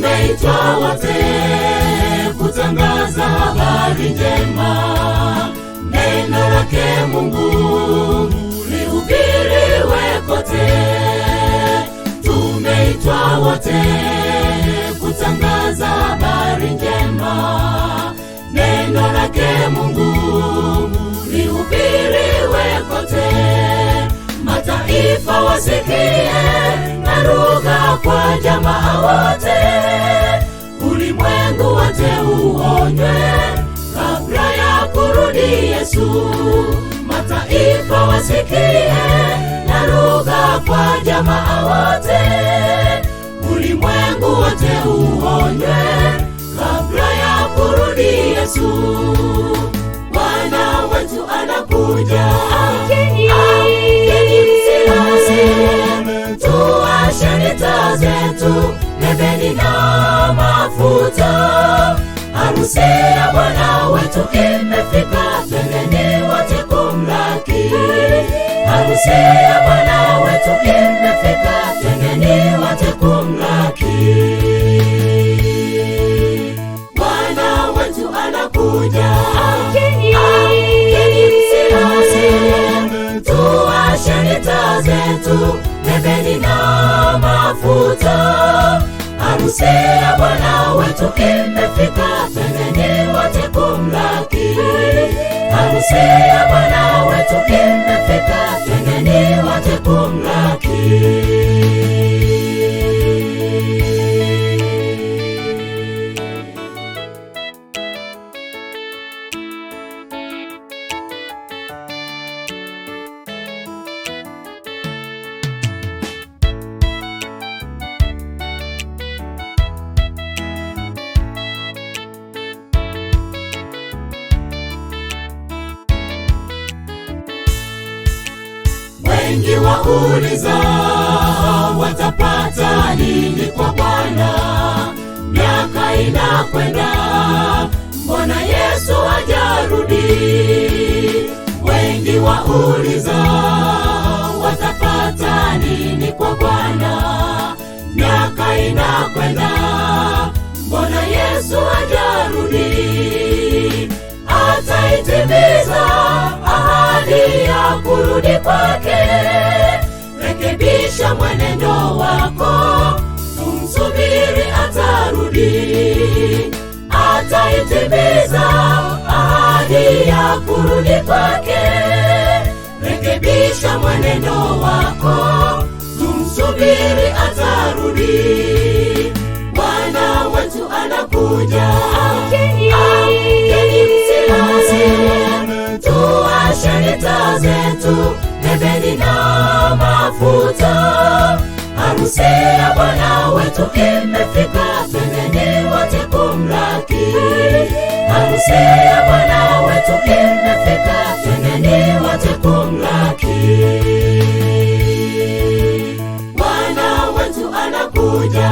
tumeitwa wote kutangaza habari njema, neno lake Mungu lihubiriwe kote. Tumeitwa wote kutangaza habari njema, neno lake Mungu lihubiriwe kote, mataifa wasikie na lugha kwa jamaa Yesu, mataifa wasikie, na lugha kwa jamaa wote, ulimwengu wote uonywe, kabla ya kurudi Yesu. Bwana wetu anakuja, amkeni, amkeni msilale, tuwasheni taa zetu, bebeni na mafuta, harusi ya Bwana wetu imefika. Masihi ya Bwana wetu imefika, twendeni wote kumlaki. Bwana wetu anakuja, amkeni, msilale, tuwasheni taa zetu, bebeni na mafuta. Harusi Bwana wetu imefika wengi wauliza watapata nini kwa Bwana? Miaka inakwenda, mbona Yesu ajarudi Wengi wauliza watapata nini kwa Bwana? Miaka inakwenda, mbona Yesu ajarudi Ataitimiza ahadi ya kurudi kwake. kutimiza ahadi ya kurudi kwake. Rekebisha mwenendo wako, tumsubiri atarudi. Bwana wetu anakuja, amkeni msilale, tuwasheni taa zetu, bebeni na mafuta, harusi ya Bwana wetu imefika. Hosea Bwana wetu imefika, twendeni wote kumlaki Bwana wetu anakuja.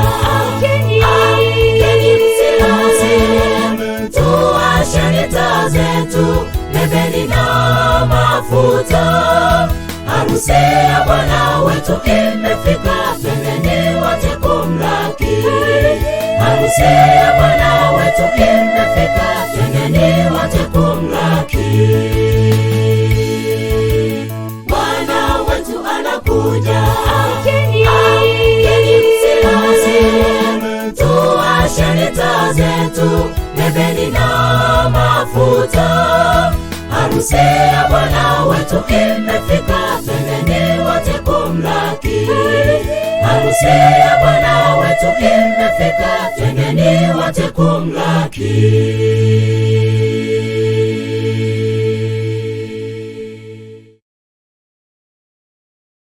tuwasheni taa zetu, bebeni na mafuta. Harusi ya Bwana wetu imefika, twendeni wote kumlaki wote watakumlaki. Bwana wetu anakuja, amkeni, amkeni msilaze, tuwasheni taa zetu, na mafuta, harusi ya Bwana wetu imefika, twendeni Harusi ya Bwana wetu imefika, twendeni